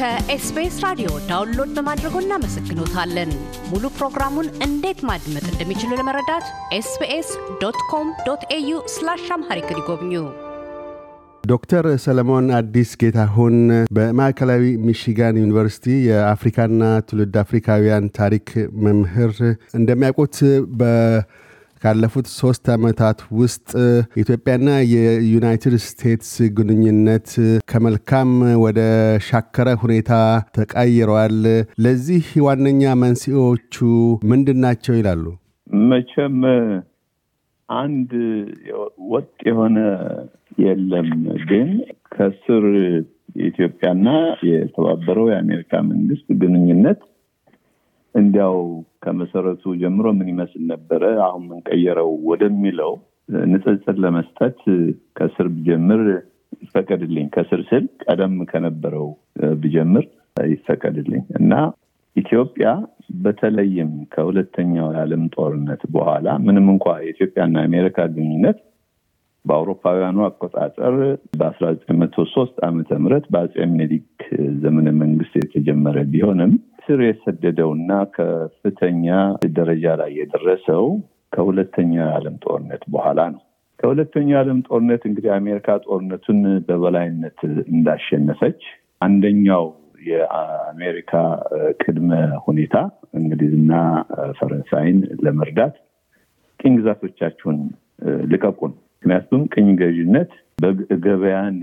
ከኤስቢኤስ ራዲዮ ዳውንሎድ በማድረጎ እናመሰግኖታለን። ሙሉ ፕሮግራሙን እንዴት ማድመጥ እንደሚችሉ ለመረዳት ኤስቢኤስ ዶት ኮም ዶት ኤዩ ስላሽ አምሃሪክ ይጎብኙ። ዶክተር ሰለሞን አዲስ ጌታሁን በማዕከላዊ ሚሽጋን ዩኒቨርሲቲ የአፍሪካና ትውልድ አፍሪካውያን ታሪክ መምህር እንደሚያውቁት በ ካለፉት ሶስት ዓመታት ውስጥ ኢትዮጵያና የዩናይትድ ስቴትስ ግንኙነት ከመልካም ወደ ሻከረ ሁኔታ ተቃይረዋል። ለዚህ ዋነኛ መንስኤዎቹ ምንድን ናቸው ይላሉ? መቼም አንድ ወጥ የሆነ የለም፣ ግን ከስር የኢትዮጵያና የተባበረው የአሜሪካ መንግስት ግንኙነት እንዲያው ከመሰረቱ ጀምሮ ምን ይመስል ነበረ፣ አሁን ምንቀየረው ወደሚለው ንጽጽር ለመስጠት ከስር ብጀምር ይፈቀድልኝ። ከስር ስል ቀደም ከነበረው ብጀምር ይፈቀድልኝ እና ኢትዮጵያ በተለይም ከሁለተኛው የዓለም ጦርነት በኋላ ምንም እንኳ የኢትዮጵያና የአሜሪካ ግንኙነት በአውሮፓውያኑ አቆጣጠር በ1903 ዓመተ ምህረት በአጼ ምኒልክ ዘመነ መንግስት የተጀመረ ቢሆንም ስር የሰደደውና ከፍተኛ ደረጃ ላይ የደረሰው ከሁለተኛው የዓለም ጦርነት በኋላ ነው። ከሁለተኛው የዓለም ጦርነት እንግዲህ አሜሪካ ጦርነቱን በበላይነት እንዳሸነፈች አንደኛው የአሜሪካ ቅድመ ሁኔታ እንግሊዝና ፈረንሳይን ለመርዳት ቅኝ ግዛቶቻችሁን ልቀቁን፣ ምክንያቱም ቅኝ ገዥነት ገበያን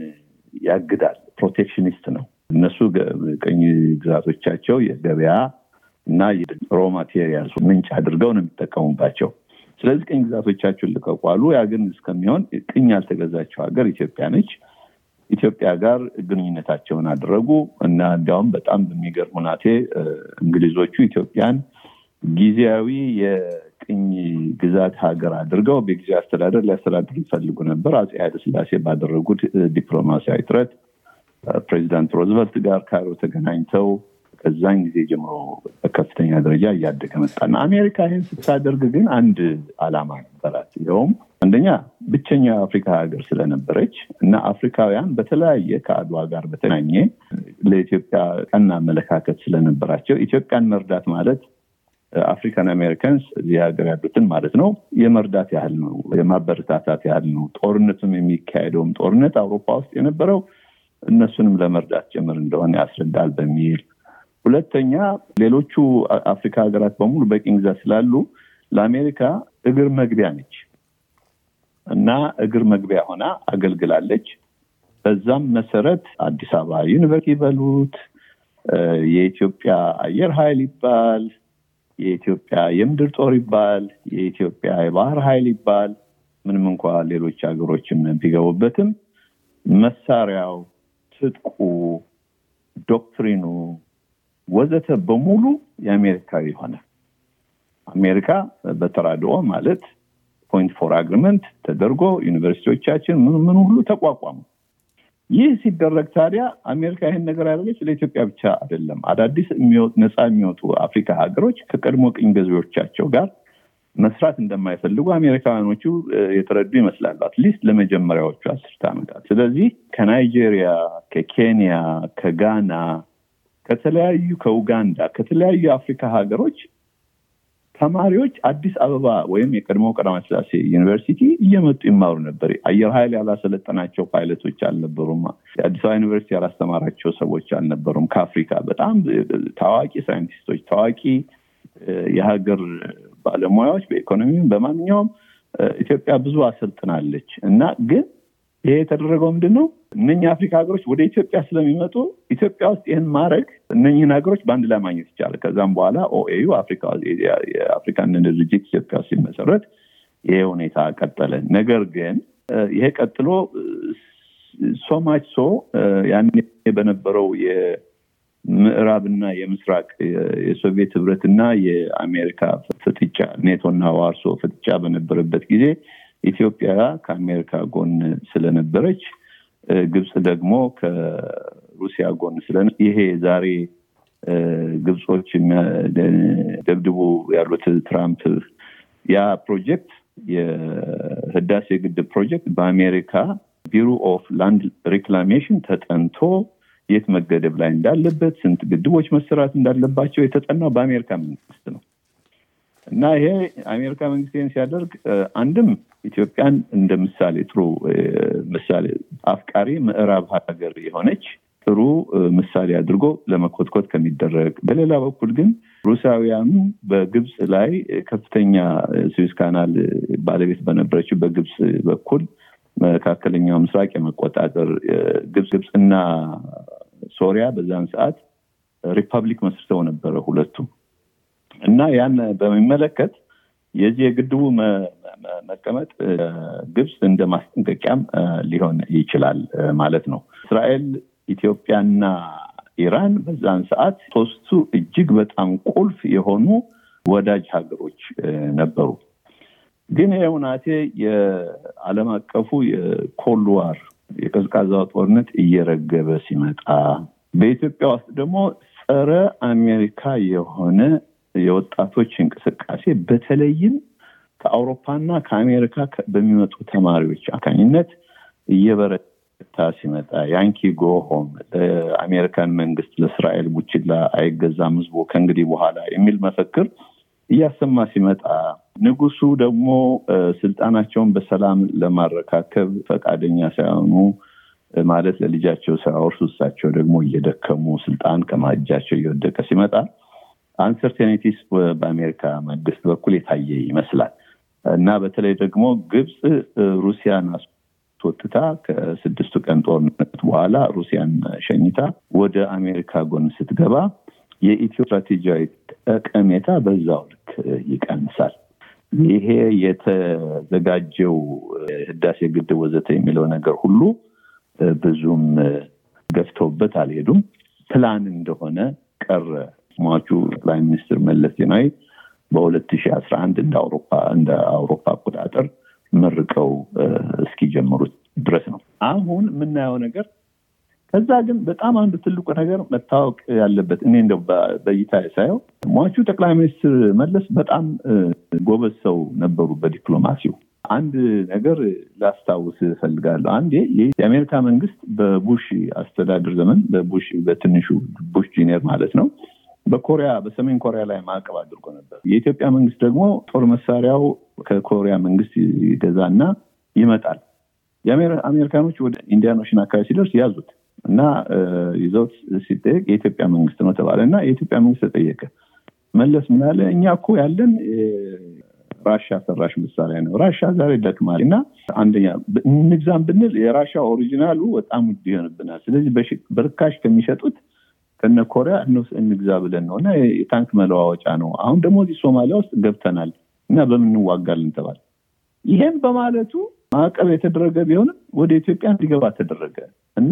ያግዳል፣ ፕሮቴክሽኒስት ነው እነሱ ቅኝ ግዛቶቻቸው የገበያ እና ሮ ማቴሪያል ምንጭ አድርገው ነው የሚጠቀሙባቸው። ስለዚህ ቅኝ ግዛቶቻችሁን ልቀቋሉ። ያ ግን እስከሚሆን ቅኝ ያልተገዛቸው ሀገር ኢትዮጵያ ነች። ኢትዮጵያ ጋር ግንኙነታቸውን አደረጉ እና እንዲያውም በጣም በሚገርም ሁናቴ እንግሊዞቹ ኢትዮጵያን ጊዜያዊ የቅኝ ግዛት ሀገር አድርገው በጊዜ አስተዳደር ሊያስተዳድሩ ይፈልጉ ነበር። አፄ ኃይለሥላሴ ባደረጉት ዲፕሎማሲያዊ ጥረት ፕሬዚዳንት ሮዝቨልት ጋር ካይሮ ተገናኝተው ከዛን ጊዜ ጀምሮ በከፍተኛ ደረጃ እያደገ መጣና አሜሪካ ይህን ስታደርግ ግን አንድ አላማ ነበራት። ይኸውም አንደኛ ብቸኛ የአፍሪካ ሀገር ስለነበረች እና አፍሪካውያን በተለያየ ከአድዋ ጋር በተገናኘ ለኢትዮጵያ ቀና አመለካከት ስለነበራቸው ኢትዮጵያን መርዳት ማለት አፍሪካን አሜሪካንስ እዚህ ሀገር ያሉትን ማለት ነው የመርዳት ያህል ነው፣ የማበረታታት ያህል ነው። ጦርነቱም የሚካሄደውም ጦርነት አውሮፓ ውስጥ የነበረው እነሱንም ለመርዳት ጭምር እንደሆነ ያስረዳል በሚል ሁለተኛ ሌሎቹ አፍሪካ ሀገራት በሙሉ በቅኝ ግዛት ስላሉ ለአሜሪካ እግር መግቢያ ነች እና እግር መግቢያ ሆና አገልግላለች። በዛም መሰረት አዲስ አበባ ዩኒቨርሲቲ ይበሉት የኢትዮጵያ አየር ኃይል ይባል፣ የኢትዮጵያ የምድር ጦር ይባል፣ የኢትዮጵያ የባህር ኃይል ይባል ምንም እንኳ ሌሎች ሀገሮችም ቢገቡበትም መሳሪያው ትጥቁ፣ ዶክትሪኑ ወዘተ በሙሉ የአሜሪካ ሆነ። አሜሪካ በተራድኦ ማለት ፖይንት ፎር አግሪመንት ተደርጎ ዩኒቨርሲቲዎቻችን ምን ምን ሁሉ ተቋቋሙ። ይህ ሲደረግ ታዲያ አሜሪካ ይህን ነገር ያደረገች ለኢትዮጵያ ብቻ አይደለም። አዳዲስ ነፃ የሚወጡ አፍሪካ ሀገሮች ከቀድሞ ቅኝ ገዢዎቻቸው ጋር መስራት እንደማይፈልጉ አሜሪካውያኖቹ የተረዱ ይመስላሉ፣ አትሊስት ለመጀመሪያዎቹ አስርት ዓመታት። ስለዚህ ከናይጄሪያ፣ ከኬንያ፣ ከጋና፣ ከተለያዩ ከኡጋንዳ፣ ከተለያዩ የአፍሪካ ሀገሮች ተማሪዎች አዲስ አበባ ወይም የቀድሞ ቀዳማ ስላሴ ዩኒቨርሲቲ እየመጡ ይማሩ ነበር። አየር ኃይል ያላሰለጠናቸው ፓይለቶች አልነበሩም። የአዲስ አበባ ዩኒቨርሲቲ ያላስተማራቸው ሰዎች አልነበሩም። ከአፍሪካ በጣም ታዋቂ ሳይንቲስቶች፣ ታዋቂ የሀገር ባለሙያዎች በኢኮኖሚ በማንኛውም ኢትዮጵያ ብዙ አሰልጥናለች እና ግን ይሄ የተደረገው ምንድን ነው? እነኛ አፍሪካ ሀገሮች ወደ ኢትዮጵያ ስለሚመጡ ኢትዮጵያ ውስጥ ይህን ማድረግ እነኝህን ሀገሮች በአንድ ላይ ማግኘት ይቻላል። ከዛም በኋላ ኦኤዩ የአፍሪካን ድርጅት ኢትዮጵያ ውስጥ ሲመሰረት ይሄ ሁኔታ ቀጠለ። ነገር ግን ይሄ ቀጥሎ ሶማች ሶ ያኔ በነበረው የምዕራብና የምስራቅ የሶቪየት ህብረትና የአሜሪካ ፍጥጫ ኔቶና ዋርሶ ፍጥጫ በነበረበት ጊዜ ኢትዮጵያ ከአሜሪካ ጎን ስለነበረች፣ ግብፅ ደግሞ ከሩሲያ ጎን ስለ ይሄ ዛሬ ግብጾች ደብድቡ ያሉት ትራምፕ ያ ፕሮጀክት የህዳሴ ግድብ ፕሮጀክት በአሜሪካ ቢሮ ኦፍ ላንድ ሪክላሜሽን ተጠንቶ የት መገደብ ላይ እንዳለበት፣ ስንት ግድቦች መሰራት እንዳለባቸው የተጠናው በአሜሪካ መንግስት ነው። እና ይሄ አሜሪካ መንግስት ሲያደርግ አንድም ኢትዮጵያን እንደ ምሳሌ ጥሩ ምሳሌ አፍቃሪ ምዕራብ ሀገር የሆነች ጥሩ ምሳሌ አድርጎ ለመኮትኮት ከሚደረግ፣ በሌላ በኩል ግን ሩሳውያኑ በግብፅ ላይ ከፍተኛ ስዊስ ካናል ባለቤት በነበረችው በግብፅ በኩል መካከለኛው ምስራቅ የመቆጣጠር ግብፅ ግብፅና ሶሪያ በዛን ሰዓት ሪፐብሊክ መስርተው ነበረ ሁለቱም እና ያን በሚመለከት የዚህ የግድቡ መቀመጥ ግብፅ እንደ ማስጠንቀቂያም ሊሆን ይችላል ማለት ነው። እስራኤል፣ ኢትዮጵያና ኢራን በዛን ሰዓት ሶስቱ እጅግ በጣም ቁልፍ የሆኑ ወዳጅ ሀገሮች ነበሩ። ግን ይኸው ናቴ የዓለም አቀፉ የኮልዋር የቀዝቃዛው ጦርነት እየረገበ ሲመጣ በኢትዮጵያ ውስጥ ደግሞ ጸረ አሜሪካ የሆነ የወጣቶች እንቅስቃሴ በተለይም ከአውሮፓና ከአሜሪካ በሚመጡ ተማሪዎች አካኝነት እየበረታ ሲመጣ ያንኪ ጎሆም ለአሜሪካን መንግስት ለእስራኤል ቡችላ አይገዛም ህዝቡ ከእንግዲህ በኋላ የሚል መፈክር እያሰማ ሲመጣ ንጉሱ ደግሞ ስልጣናቸውን በሰላም ለማረካከብ ፈቃደኛ ሳይሆኑ ማለት ለልጃቸው ሳያወርሱ እሳቸው ደግሞ እየደከሙ ስልጣን ከማጃቸው እየወደቀ ሲመጣ አንሰርቴኒቲስ በአሜሪካ መንግስት በኩል የታየ ይመስላል እና በተለይ ደግሞ ግብፅ ሩሲያን አስወጥታ ከስድስቱ ቀን ጦርነት በኋላ ሩሲያን ሸኝታ ወደ አሜሪካ ጎን ስትገባ የኢትዮ ስትራቴጂያዊ ጠቀሜታ በዛው ልክ ይቀንሳል። ይሄ የተዘጋጀው ህዳሴ ግድብ ወዘተ የሚለው ነገር ሁሉ ብዙም ገፍተውበት አልሄዱም። ፕላን እንደሆነ ቀረ ሟቹ ጠቅላይ ሚኒስትር መለስ ዜናዊ በሁለት ሺህ አስራ አንድ እንደ አውሮፓ እንደ አውሮፓ አቆጣጠር መርቀው እስኪጀምሩት ድረስ ነው አሁን የምናየው ነገር ከዛ ግን በጣም አንዱ ትልቁ ነገር መታወቅ ያለበት እኔ እንደው በእይታ ሳየው ሟቹ ጠቅላይ ሚኒስትር መለስ በጣም ጎበዝ ሰው ነበሩ በዲፕሎማሲው አንድ ነገር ላስታውስ እፈልጋለሁ አንዴ የአሜሪካ መንግስት በቡሽ አስተዳደር ዘመን በቡሽ በትንሹ ቡሽ ጂኒየር ማለት ነው በኮሪያ በሰሜን ኮሪያ ላይ ማዕቀብ አድርጎ ነበር። የኢትዮጵያ መንግስት ደግሞ ጦር መሳሪያው ከኮሪያ መንግስት ይገዛና ይመጣል። የአሜሪካኖች ወደ ኢንዲያን ኦሽን አካባቢ ሲደርስ ያዙት እና ይዘውት ሲጠየቅ የኢትዮጵያ መንግስት ነው ተባለ እና የኢትዮጵያ መንግስት ተጠየቀ። መለስ ምናለ እኛ እኮ ያለን ራሻ ሰራሽ መሳሪያ ነው። ራሻ ዛሬ ደክማል እና አንደኛ እንግዛም ብንል የራሻ ኦሪጂናሉ በጣም ውድ ይሆንብናል። ስለዚህ በርካሽ ከሚሸጡት ከነ ኮሪያ እንግዛ ብለን ነው እና የታንክ መለዋወጫ ነው። አሁን ደግሞ እዚህ ሶማሊያ ውስጥ ገብተናል እና በምንዋጋልን ተባለ። ይሄን በማለቱ ማዕቀብ የተደረገ ቢሆንም ወደ ኢትዮጵያ እንዲገባ ተደረገ እና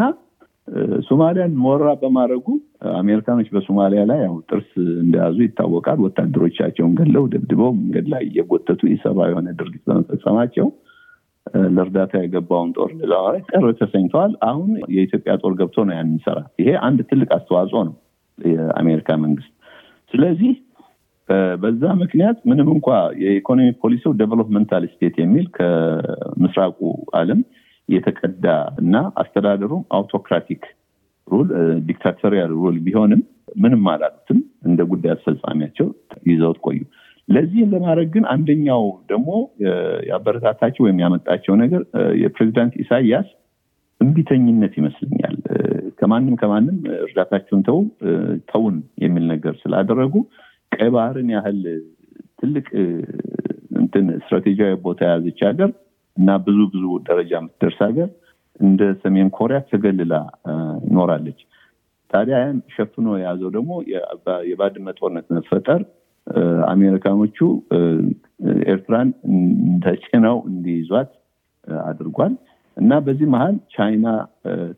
ሶማሊያን ሞራ በማድረጉ አሜሪካኖች በሶማሊያ ላይ ያው ጥርስ እንደያዙ ይታወቃል። ወታደሮቻቸውን ገለው ደብድበው መንገድ ላይ እየጎተቱ የሰብአዊ የሆነ ድርጊት በመፈጸማቸው ለእርዳታ የገባውን ጦር ለዋራ ቅር ተሰኝተዋል። አሁን የኢትዮጵያ ጦር ገብቶ ነው ያን የሚሰራ። ይሄ አንድ ትልቅ አስተዋጽኦ ነው የአሜሪካ መንግስት። ስለዚህ በዛ ምክንያት ምንም እንኳ የኢኮኖሚ ፖሊሲው ዴቨሎፕመንታል ስቴት የሚል ከምስራቁ ዓለም የተቀዳ እና አስተዳደሩም አውቶክራቲክ ሩል ዲክታቶሪያል ሩል ቢሆንም ምንም አላሉትም። እንደ ጉዳይ አስፈጻሚያቸው ይዘውት ቆዩ። ለዚህን ለማድረግ ግን አንደኛው ደግሞ ያበረታታቸው ወይም ያመጣቸው ነገር የፕሬዚዳንት ኢሳያስ እንቢተኝነት ይመስለኛል። ከማንም ከማንም እርዳታቸውን ተው ተውን የሚል ነገር ስላደረጉ ቀይ ባህርን ያህል ትልቅ እንትን ስትራቴጂያዊ ቦታ የያዘች ሀገር እና ብዙ ብዙ ደረጃ የምትደርስ ሀገር እንደ ሰሜን ኮሪያ ተገልላ ኖራለች። ታዲያ ያን ሸፍኖ የያዘው ደግሞ የባድመ ጦርነት መፈጠር አሜሪካኖቹ ኤርትራን ተጭነው እንዲይዟት አድርጓል እና በዚህ መሀል ቻይና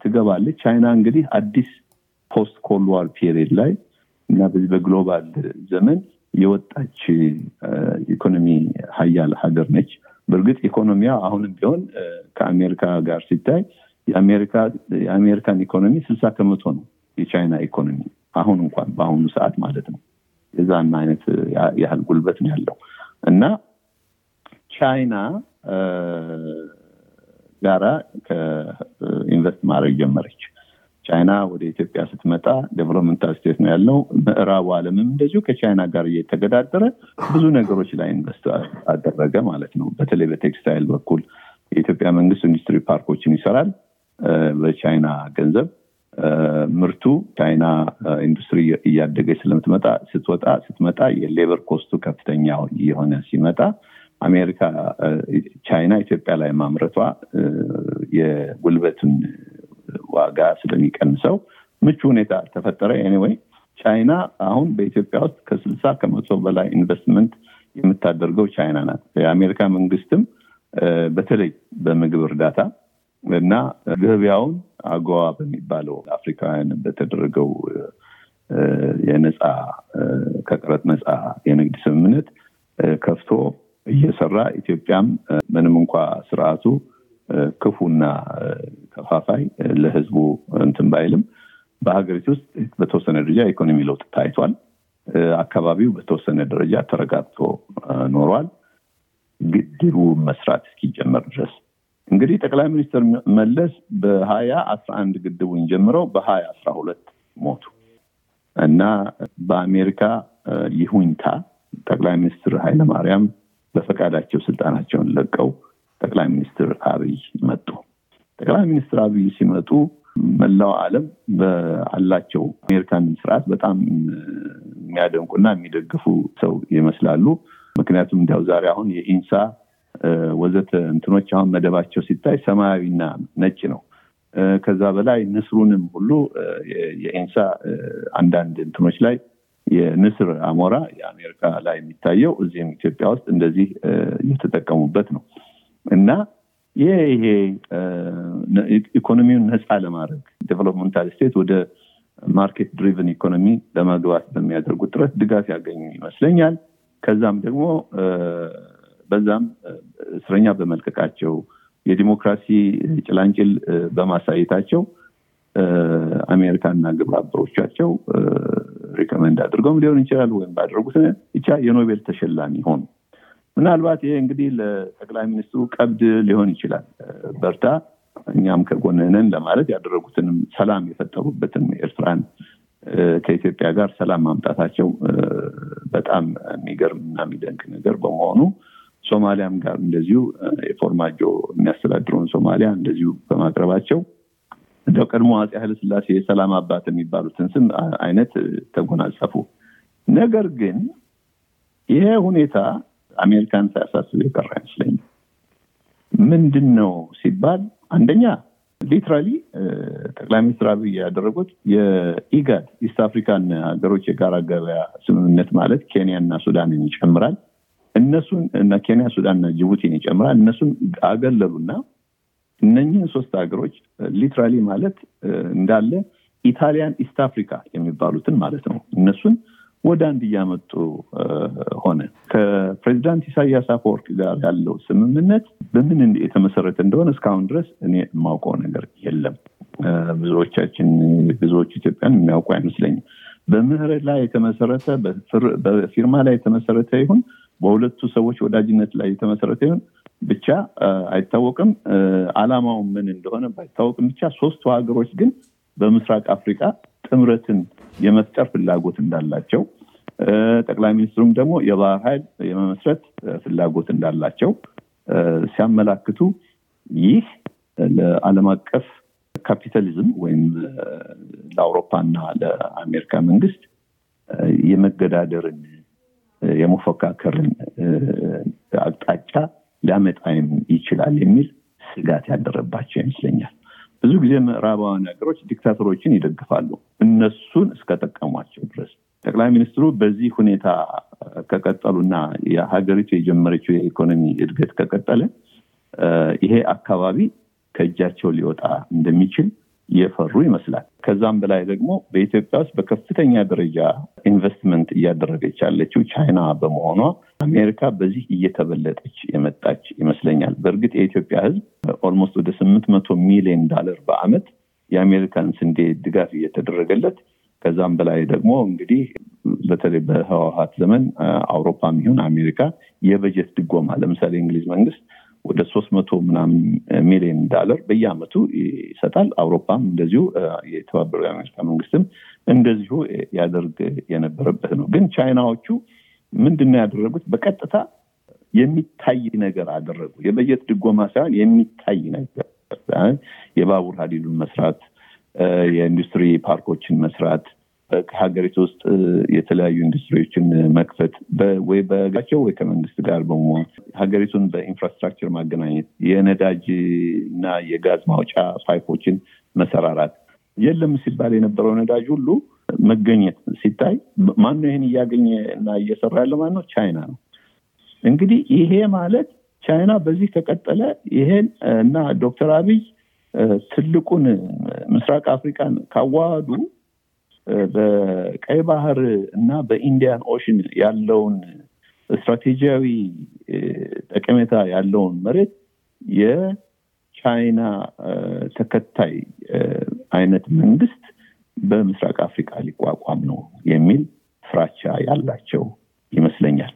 ትገባለች። ቻይና እንግዲህ አዲስ ፖስት ኮልድ ፔሪድ ላይ እና በዚህ በግሎባል ዘመን የወጣች ኢኮኖሚ ሀያል ሀገር ነች። በእርግጥ ኢኮኖሚያ አሁንም ቢሆን ከአሜሪካ ጋር ሲታይ የአሜሪካን ኢኮኖሚ ስልሳ ከመቶ ነው የቻይና ኢኮኖሚ አሁን እንኳን በአሁኑ ሰዓት ማለት ነው። የዛን አይነት ያህል ጉልበት ነው ያለው እና ቻይና ጋራ ከኢንቨስት ማድረግ ጀመረች። ቻይና ወደ ኢትዮጵያ ስትመጣ ዴቨሎፕመንታል ስቴት ነው ያለው። ምዕራቡ አለምም እንደዚሁ ከቻይና ጋር እየተገዳደረ ብዙ ነገሮች ላይ ኢንቨስት አደረገ ማለት ነው። በተለይ በቴክስታይል በኩል የኢትዮጵያ መንግስት ኢንዱስትሪ ፓርኮችን ይሰራል በቻይና ገንዘብ ምርቱ ቻይና ኢንዱስትሪ እያደገች ስለምትመጣ ስትወጣ ስትመጣ የሌበር ኮስቱ ከፍተኛ የሆነ ሲመጣ አሜሪካ ቻይና ኢትዮጵያ ላይ ማምረቷ የጉልበቱን ዋጋ ስለሚቀንሰው ምቹ ሁኔታ ተፈጠረ። ኤኒዌይ ቻይና አሁን በኢትዮጵያ ውስጥ ከስልሳ ከመቶ በላይ ኢንቨስትመንት የምታደርገው ቻይና ናት። የአሜሪካ መንግስትም በተለይ በምግብ እርዳታ እና ገበያውን አገዋ በሚባለው አፍሪካውያን በተደረገው የነፃ ከቀረጥ ነፃ የንግድ ስምምነት ከፍቶ እየሰራ ኢትዮጵያም ምንም እንኳ ስርዓቱ ክፉና ከፋፋይ ለህዝቡ እንትን ባይልም በሀገሪቱ ውስጥ በተወሰነ ደረጃ ኢኮኖሚ ለውጥ ታይቷል። አካባቢው በተወሰነ ደረጃ ተረጋግቶ ኖሯል። ግድቡ መስራት እስኪጀመር ድረስ እንግዲህ ጠቅላይ ሚኒስትር መለስ በሀያ አስራ አንድ ግድቡን ጀምረው በሀያ አስራ ሁለት ሞቱ እና በአሜሪካ ይሁኝታ ጠቅላይ ሚኒስትር ኃይለማርያም በፈቃዳቸው ስልጣናቸውን ለቀው ጠቅላይ ሚኒስትር አብይ መጡ። ጠቅላይ ሚኒስትር አብይ ሲመጡ መላው አለም በአላቸው አሜሪካን ስርዓት በጣም የሚያደንቁና የሚደግፉ ሰው ይመስላሉ። ምክንያቱም እንዲያው ዛሬ አሁን የኢንሳ ወዘተ እንትኖች አሁን መደባቸው ሲታይ ሰማያዊና ነጭ ነው። ከዛ በላይ ንስሩንም ሁሉ የኢንሳ አንዳንድ እንትኖች ላይ የንስር አሞራ የአሜሪካ ላይ የሚታየው እዚህም ኢትዮጵያ ውስጥ እንደዚህ እየተጠቀሙበት ነው እና ይሄ ይሄ ኢኮኖሚውን ነፃ ለማድረግ ዴቨሎፕመንታል ስቴት ወደ ማርኬት ድሪቨን ኢኮኖሚ ለመግባት በሚያደርጉት ጥረት ድጋፍ ያገኙ ይመስለኛል። ከዛም ደግሞ በዛም እስረኛ በመልቀቃቸው የዲሞክራሲ ጭላንጭል በማሳየታቸው አሜሪካና ግብረ አበሮቻቸው ሪኮመንድ አድርገውም ሊሆን ይችላል ወይም ባደረጉት ብቻ የኖቤል ተሸላሚ ሆኑ። ምናልባት ይሄ እንግዲህ ለጠቅላይ ሚኒስትሩ ቀብድ ሊሆን ይችላል። በርታ፣ እኛም ከጎንነን ለማለት ያደረጉትንም ሰላም የፈጠሩበትን ኤርትራን ከኢትዮጵያ ጋር ሰላም ማምጣታቸው በጣም የሚገርም እና የሚደንቅ ነገር በመሆኑ ሶማሊያም ጋር እንደዚሁ የፎርማጆ የሚያስተዳድረውን ሶማሊያ እንደዚሁ በማቅረባቸው እንደው ቀድሞ አፄ ኃይለስላሴ የሰላም አባት የሚባሉትን ስም አይነት ተጎናጸፉ። ነገር ግን ይሄ ሁኔታ አሜሪካን ሳያሳስብ የቀረ አይመስለኝ ምንድን ነው ሲባል አንደኛ ሊትራሊ ጠቅላይ ሚኒስትር አብይ ያደረጉት የኢጋድ ኢስት አፍሪካን ሀገሮች የጋራ ገበያ ስምምነት ማለት ኬንያ እና ሱዳንን ይጨምራል። እነሱን እና ኬንያ፣ ሱዳን እና ጅቡቲን ይጨምራል። እነሱን አገለሉና እነኝህን ሶስት ሀገሮች ሊትራሊ ማለት እንዳለ ኢታሊያን ኢስት አፍሪካ የሚባሉትን ማለት ነው። እነሱን ወደ አንድ እያመጡ ሆነ። ከፕሬዚዳንት ኢሳያስ አፈወርቅ ጋር ያለው ስምምነት በምን የተመሰረተ እንደሆነ እስካሁን ድረስ እኔ የማውቀው ነገር የለም። ብዙዎቻችን ብዙዎቹ ኢትዮጵያን የሚያውቁ አይመስለኝም። በምህረት ላይ የተመሰረተ በፊርማ ላይ የተመሰረተ ይሁን በሁለቱ ሰዎች ወዳጅነት ላይ የተመሰረተ ይሆን ብቻ አይታወቅም። አላማው ምን እንደሆነ ባይታወቅም ብቻ ሶስቱ ሀገሮች ግን በምስራቅ አፍሪካ ጥምረትን የመፍጠር ፍላጎት እንዳላቸው ጠቅላይ ሚኒስትሩም ደግሞ የባህር ኃይል የመመስረት ፍላጎት እንዳላቸው ሲያመላክቱ ይህ ለዓለም አቀፍ ካፒታሊዝም ወይም ለአውሮፓና ለአሜሪካ መንግስት የመገዳደርን የመፎካከርን አቅጣጫ ሊያመጣም ይችላል የሚል ስጋት ያደረባቸው ይመስለኛል። ብዙ ጊዜ ምዕራባውያን ሀገሮች ዲክታተሮችን ይደግፋሉ እነሱን እስከጠቀሟቸው ድረስ። ጠቅላይ ሚኒስትሩ በዚህ ሁኔታ ከቀጠሉና የሀገሪቱ የጀመረችው የኢኮኖሚ እድገት ከቀጠለ ይሄ አካባቢ ከእጃቸው ሊወጣ እንደሚችል የፈሩ ይመስላል። ከዛም በላይ ደግሞ በኢትዮጵያ ውስጥ በከፍተኛ ደረጃ ኢንቨስትመንት እያደረገች ያለችው ቻይና በመሆኗ አሜሪካ በዚህ እየተበለጠች የመጣች ይመስለኛል። በእርግጥ የኢትዮጵያ ሕዝብ ኦልሞስት ወደ ስምንት መቶ ሚሊዮን ዳለር በአመት የአሜሪካን ስንዴ ድጋፍ እየተደረገለት ከዛም በላይ ደግሞ እንግዲህ በተለይ በህወሀት ዘመን አውሮፓም ይሁን አሜሪካ የበጀት ድጎማ ለምሳሌ እንግሊዝ መንግስት ወደ ሶስት መቶ ምናምን ሚሊዮን ዳለር በየአመቱ ይሰጣል። አውሮፓም እንደዚሁ የተባበሩ የአሜሪካ መንግስትም እንደዚሁ ያደርግ የነበረበት ነው። ግን ቻይናዎቹ ምንድነው ያደረጉት? በቀጥታ የሚታይ ነገር አደረጉ። የበጀት ድጎማ ሳይሆን የሚታይ ነገር የባቡር ሀዲዱን መስራት፣ የኢንዱስትሪ ፓርኮችን መስራት ሀገሪቱ ውስጥ የተለያዩ ኢንዱስትሪዎችን መክፈት ወይ በጋቸው ወይ ከመንግስት ጋር በመሆን ሀገሪቱን በኢንፍራስትራክቸር ማገናኘት፣ የነዳጅ እና የጋዝ ማውጫ ፓይፖችን መሰራራት፣ የለም ሲባል የነበረው ነዳጅ ሁሉ መገኘት ሲታይ ማን ነው ይህን እያገኘ እና እየሰራ ያለ ማለት ነው? ቻይና ነው። እንግዲህ ይሄ ማለት ቻይና በዚህ ከቀጠለ ይሄን እና ዶክተር አብይ ትልቁን ምስራቅ አፍሪካን ካዋሃዱ በቀይ ባህር እና በኢንዲያን ኦሽን ያለውን ስትራቴጂያዊ ጠቀሜታ ያለውን መሬት የቻይና ተከታይ አይነት መንግስት በምስራቅ አፍሪካ ሊቋቋም ነው የሚል ፍራቻ ያላቸው ይመስለኛል።